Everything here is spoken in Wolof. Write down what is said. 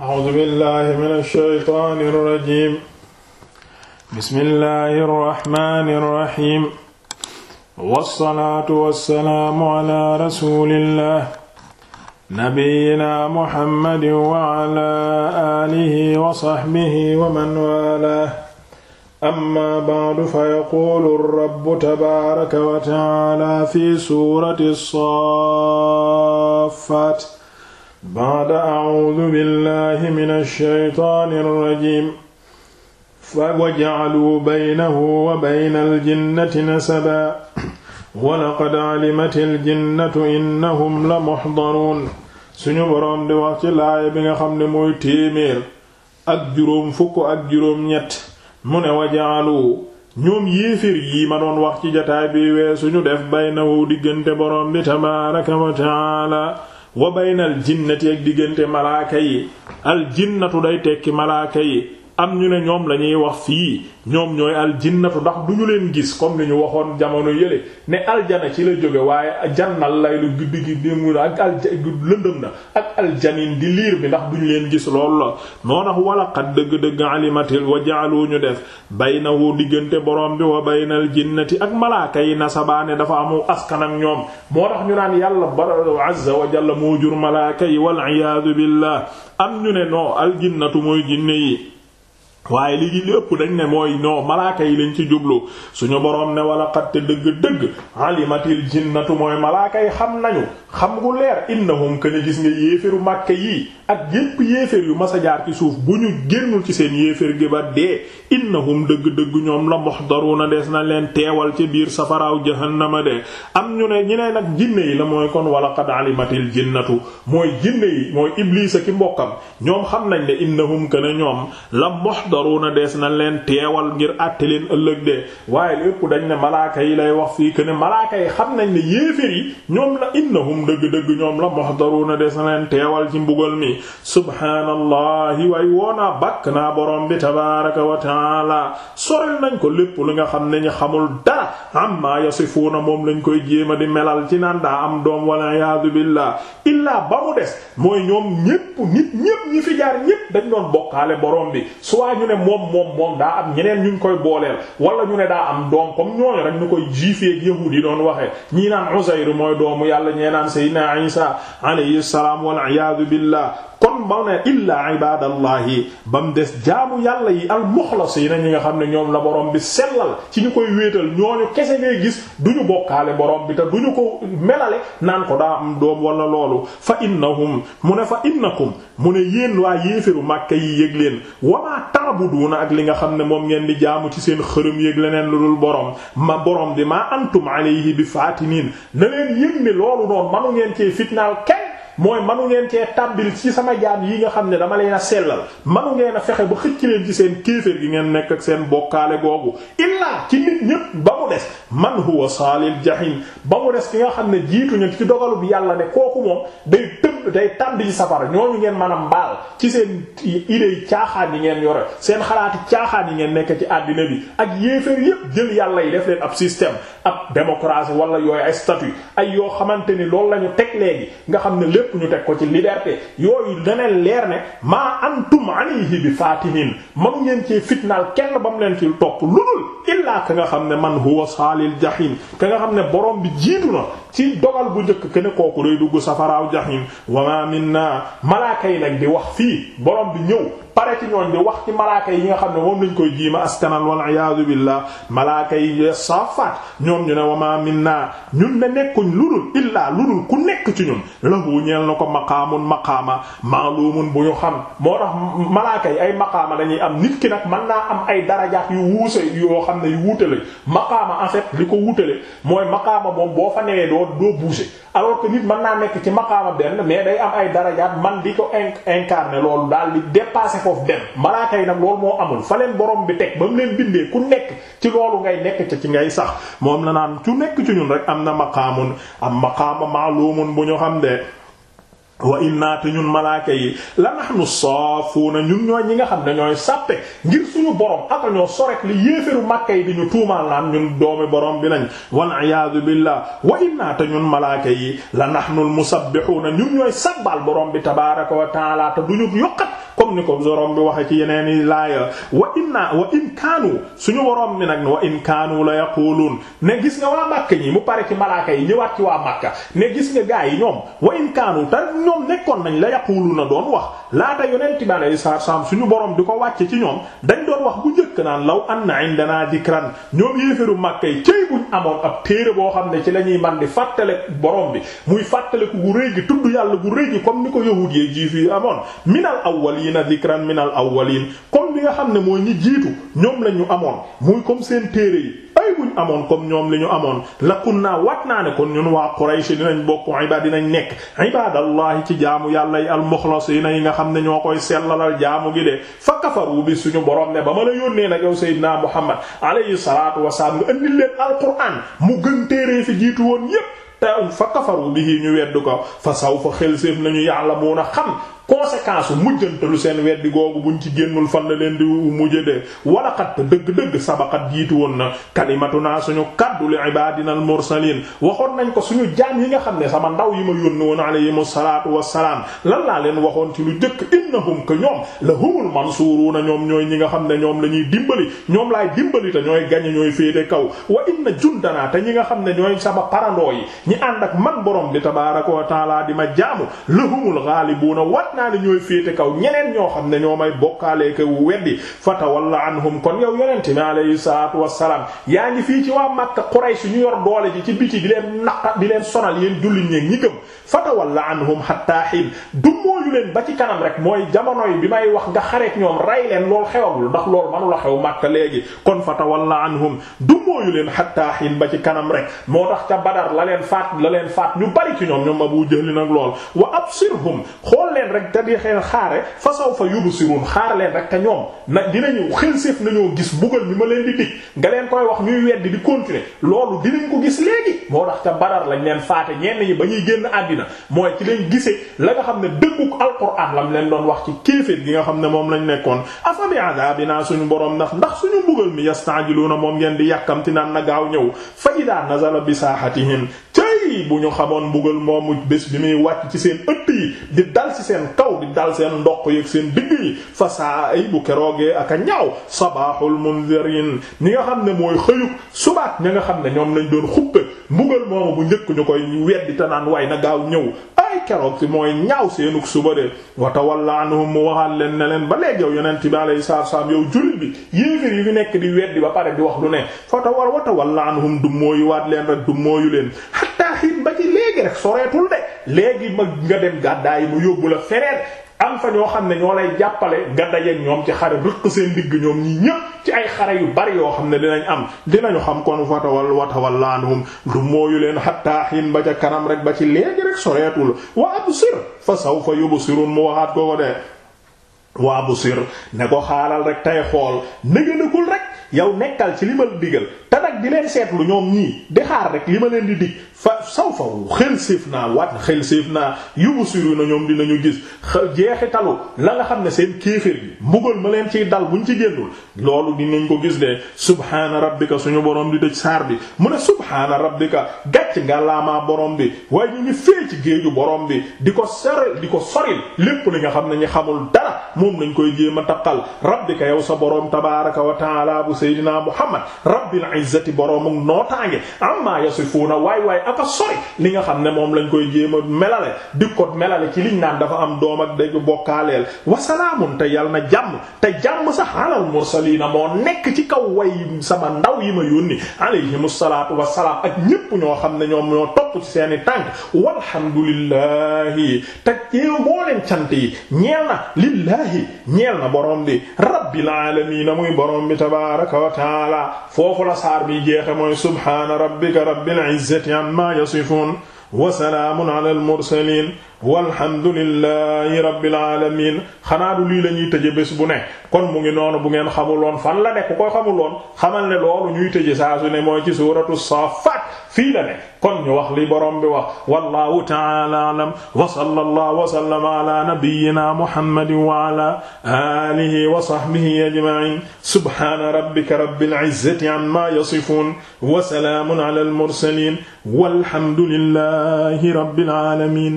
أعوذ بالله من الشيطان الرجيم بسم الله الرحمن الرحيم والصلاة والسلام على رسول الله نبينا محمد وعلى آله وصحبه ومن والاه أما بعد فيقول الرب تبارك وتعالى في سورة الصافات baada acuudu billahi min alsheytaani alrajim wa jacaluu baynahu wa bayna aljinnati nasaba wa laqad calimati aljinnatu innahum la muxdaruun suñu boroom di wax ci laaya bi nga xam ne mooy téeméer ak juróom fukk ak juróom ñett mu ne wa jacaluu ñoom yi ma doon wax ci jataay bi wee suñu def baynahu diggante boroom bi tabaaraka wa wa baynal jinnati ak diggante malaaka yi al jinnatu day tekki malaaka yi am ñu ne ñoom la ñuy wax fii ñoom ñooy aljinnatu ndax du ñu leen gis comme ni ñu waxoon jamono yële ne aljana ci la jóge waaye jànnal lay lu guddi gi di mu ak al lëndëm na ak aljanin di liir bi ndax duñu leen gis loolu la noo tax walaqad dëgg-dëgg alimatil wa jaalu ñu def wu diggante borom bi wa baynal jinnati ak malaaka yi nasabaane dafa amu askan ak ñoom moo tax ñu naan yàlla bara azza wa jalla moo jur malaaka yi wal iyaadu billah am ñu ne noo aljinnatu mooy jinne waaye ligi lépp dañ ne mooy ñoo malaaka yi lañ ci jublu suñu boroom ne wala xatte dëgg-dëgg alimatil jinnatu mooy malaaka yi xam nañu xam ngu leer innahum que ne gis nga yéeféru màkke yi ak yépp yéefér yu mas a jaar ci suuf bu ñu génnul ci seen yéefér gi ba dee innahum dëgg-dëgg ñoom la muhdaruna des na leen teewal ci biir safaraaw jahannama de am ñu ne ñu ne nag jinne yi la mooy kon wala qad alimatil jinnatu mooy jinne yi mooy iblisa ki mbokkam ñoom xam nañ ne innahum que ne ñoom la na des na leen teewal ngir àtte leen ëllëg de waaye lépp dañ ne malaaka yi lay wax fii que ne yi xam nañ ne moom dëgg-dëgg ñoom la muhdaruna des na leen teewal ci mbugal mi subhaanallahi way woonaa bàkk naa boroom bi tabaraka wa taala sorel nañ ko lépp li nga xam ne ñu xamul dara amma yasifuuna moom lañ koy jéema di melal ci naan daa am doom wala iyaadu billah illaa ba mu des mooy ñoom ñépp nit ñépp ñi fi jaar ñépp dañ doon bokkaale borom bi soit ñu ne moom moom moom daa am ñeneen ñu koy booleel wala ñu ne daa am doom comme ñooñu rek ñu koy jiifee ak naan Seydina Isa alayhi salaam wal iyaadu billah kon ba ne illaa ibadallahi ba mu des jaamu yàlla yi al muxlasiina ñi nga xam ne ñoom la borom bi sellal ci ñu koy wéetal ñooñu kese ngay gis du ñu bokkaale borom bi te du ñu ko melale naan ko daa am doom wala loolu fa innahum mu ne fa innakum mu ne yéen waa yéefiru màkka yi yëg leen wamaa taabuduuna ak li nga xam ne moom ngeen di jaamu ci seen xërëm yëg leneen lu dul borom ma borom bi maa antum alayhi bi manu ngeen cee fitnaal kenn mooy manu ngeen cee tàmbil ci sama jaam yi nga xam ne dama leen a sellal manu ngeen a fexe ba xëcc leen ci seen kéeféer gi ngeen nekk ak seen bokkaale googu illaa ci nit ñépp ba mu des man huwa saalil jahim ba mu des ki nga xam ne jiitu jiituñu ci dogalu bi yàlla ne kooku moom day tëb day tàmbali safara ñooñu ngeen mën a mbaal ci seen idée yi caaxaan yi ngeen yore seen xalaati caaxaan yi ngeen nekk ci àddina bi ak yéeféer yépp jël yàlla yi def leen ab système ab démocratie wala yooyu ay statut ay yoo xamante ni loolu lañu teg léegi nga xam ne lépp ñu teg ko ci liberté yooyu daneen leer ne maa antum alayhi bi faatinin manu ngeen cee fitnaal kenn ba mu leen ci topp lu dul illaa ka nga xam ne man huwa saalil jahim ka nga xam ne borom bi jiitu ci dogal bu njëkk ke kooku day dugg safaraaw jahim wa ma minna malaaka yi nag di wax fii borom bi ñëw pare ci ñooñ bi wax ci malaaka yi nga xam ne moom lañ koy jiima askanal wal iyaadu billah malaaka yi safaat ñoom ñu ne wama minna ñun ne nekkuñ ludul illaa ludul ku nekk ci ñun lahu ñeel na ko maqaamun maqaama maalumun bu ñu xam moo tax malaaka yi ay maqaama dañuy am nit ki nag man naa am ay darajaat yu wuuse yoo xam ne yu wuutale maqaama en fait li ko wuutale mooy maqaama moom boo fa newee doo doo bouger alors que nit mën naa nekk ci maqaama benn mais day am ay darajaat man di ko incarner loolu daal foofu dem malaaka yi nag loolu moo amul fa leen borom bi teg ba mu leen bindee ku nekk ci loolu ngay nekk ca ci ngay sax moom la naan ku nekk ci ñun rek am na maqaamun am maqaama maalumun bu ñu xam de wa innaate malaaka yi la nahnu saafuuna ñun ñooy ñi nga xam ne ñooy sàppe ngir suñu borom aka ñoo sorek li yéeféru màkka yi di ñu tuumaal naan ñun doomi borom bi lañ wal iyaadu billah wa innaate ñun malaaka yi la nahnu al musabbihuuna ñun ñooy sabbal borom bi tabaaraka wa taala te duñu yokkat comme ni ko borom bi waxe ci yeneen i laaya wa inna wa in kaanu suñu borom bi nag wa in kaanu la yaquluun ne gis nga waa Makka ñi mu pare ci malaaka yi ñëwaat ci waa Makka ne gis nga gaa yi ñoom wa in kaanu te ñoom nekkoon nañ la yaquluuna doon wax laata yonent bi alayhi salaam suñu boroom di ko wàcce ci ñoom dañ doon wax bu njëkk naan law anna indana dikran ñoom yéefaru Makka yi cëy buñ amoon ab téere boo xam ne ci la ñuy man di fàttale borom bi muy fàttale ku gu gi tudd yàlla gu rëy gi comme ni na dhikran min al awwalin comme li nga xam ne mooy ñi jiitu ñoom la ñu amoon muy comme seen téere yi ay buñ amoon comme ñoom li ñu amoon lakun naa wat naa ne kon ñun waa dinañ nekk ibadallahi ci jaamu yi almuxlasiina yi nga xam ne ñoo koy sellalal bi suñu borom ne ba ma la yónnee nag yow Seydina Muhammad alayhi salaatu wasalaam nga indi leen alquraan mu gën téere fi jiitu woon yépp te fa kafaru bihi ñu weddu ko fa saw fa xel séef nañu ya'lamuuna xam conséquence u lu seen weddi googu ñu ci génnul fan la leen di mujje de walaqat dëgg-dëgg xat jiitu woon na kalimatu kalimatuna suñu kaddu li ibadina al mursalin waxoon nañ ko suñu jaam yi nga xam ne sama ndaw yi ma yónni woon alayhim salaatu wassalaam lan laa leen waxoon ci lu jëkk innahum que ñoom la humul na ñoom ñooy ñi nga xam ne ñoom la ñuy dimbali ñoom laay dimbali te ñooy gañe ñooy féete kaw wa inna jundana te ñi nga xam ne ñooy sama parandoo yi ñi ànd ak man borom bi tabaaraka wa di ma jaamu lahumul ghalibuna wat xam naa ne ñooy féete kaw ñeneen ñoo xam ne ñoo may bokkaale ko weddi fatawalla anhum kon yow yonente bi alayhi salaatu wassalaam yaa ngi fii ci waa Makka Quraysh ñu yor boole ji ci biti di leen naqa di leen sonal yéen jullit ñeeg ñi gëm fatawalla anhum hatta hin du mooyu leen ba ci kanam rek mooy jamono yi bi may wax nga xareet ñoom rey leen lool xewagul ndax loolu manula xew Makka léegi kon fatawalla anhum du mooyu leen hatta hin ba ci kanam rek moo tax ca Badar la leen faat la leen faat ñu bari ci ñoom ñoom Abu Jahl nag lool yabtabixeen xaare fa sawfa si xaar leen rek te ñoom nag dinañu xilséef nañoo gis bugal mi ma leen di dig nga leen koy wax ñuy weddi di continuer loolu dinañ ko gis léegi moo tax ca badar lañ leen faate ñenn ñi ba ñuy génn àddina mooy ci leen gisee la nga xam ne dëgguk alquran lam leen doon wax ci kéeféet gi nga xam ne moom lañ nekkoon afa bi adabina suñu borom ndax ndax suñu mbugal mi na moom ngeen di yàkkamti naan na gaaw ñëw fa ida nazala bi sahatihim bu ñu xamoon mbugal moomu bés bi ñuy wàcc ci seen ëtt yi di dal ci seen kaw di dal seen ndoq yeeg seen digg yi fa ay bu keroogee ak a ñaaw sabaaxul munzirin ñi nga xam ne mooy xëyug subaat ña nga xam ne ñoom lañ doon xuppe mbugal moomu bu njëkk ñu koy weddi te naan way na gaaw ñëw keroog si mooy ñaaw seenug suba de wa tawalla anhum mu waxaat leen ne leen ba léegi yow yeneen yonent bi alayhi salaam yow jullit bi yéefér yi fi nekk di weddi ba pare di wax lu ne fa tawal wa tawalla anhum du mooyu waat leen rek du mooyu leen hatta xiit ba ci léegi rek soreetul de léegi ma nga dem gàddaay mu yóbbu la feneen am fa ñoo xam ne ñoo lay jàppale nga dajeeg ñoom ci xare rëq seen digg ñoom ñi ñëpp ci ay xare yu bari yoo xam ne dinañ am dinañu xam kon fatawal watawal laanhum du mooyu leen xattaa xiin ba ca kanam rek ba ci léegi rek soreetul wa absir fa sawfa yubsirun mu waxaat ko ko de wa absir ne ko xaaral rek tay xool nëgënëkul rek yow nekkal ci li ma la digal te nag di leen seetlu ñoom ñii di xaar rek li ma leen di dig fa saw fa xel séef naa waat na xel séef naa yubsiru na ñoom ñu gis jeexitalu la nga xam ne seen kéeféer bi mbugal ma leen ciy dal buñ ci génnul loolu dinañ ko gis de subhaana rabbika suñu boroom di tëj saar bi mu ne subhaana rabbika gàcc nga laamaa boroom bi waaye ñu ngi fee ci géeju borom bi di ko sori di ko soril lépp li nga xam ne ñi xamul moom lañ koy jéem a Seydina Muhammad rabbil izzati boroom ak nootaange amma yasifuuna waay waay aka sori li nga xam ne moom lañ koy jéem a melale di ko melale ci liñ naan dafa am doom ak dégg bokkaaleel wasalaamun te yal na jàmm te jàmm sax alal mursaliina moo nekk ci kaw way sama ndaw yi ma yónni alayhimu salaatu wasalaam ak ñépp ñoo xam ne ñoom ñoo topp ci seeni tànk walhamdulillahi te yeew moo leen cant yi ñeel na lillahi ñeel na boroom bi rabbil aalamiina muy boroom tabaraka wa taala foofu la saar bi jeexe mooy subhaana rabbika rabbil izzati amma yasifun wa salaamun ala al mursalin walhamdulillahi rabbil alamin xanaa du lii la ñuy tëje bés bu ne kon mu ngi noonu bu ngeen xamuloon fan la nekk koy xamuloon xamal ne loolu ñuy tëje saa su ne mooy ci suratu saafat fii la ne kon ñu wax li borom bi wax wallahu ta'ala alam wa sallallahu wa sallama ala nabiyyina muhammadin wa ala alihi wa sahbihi ajma'in subhana rabbika rabbil izzati amma yasifun wa salamun ala al mursalin walhamdulillahi rabbil alamin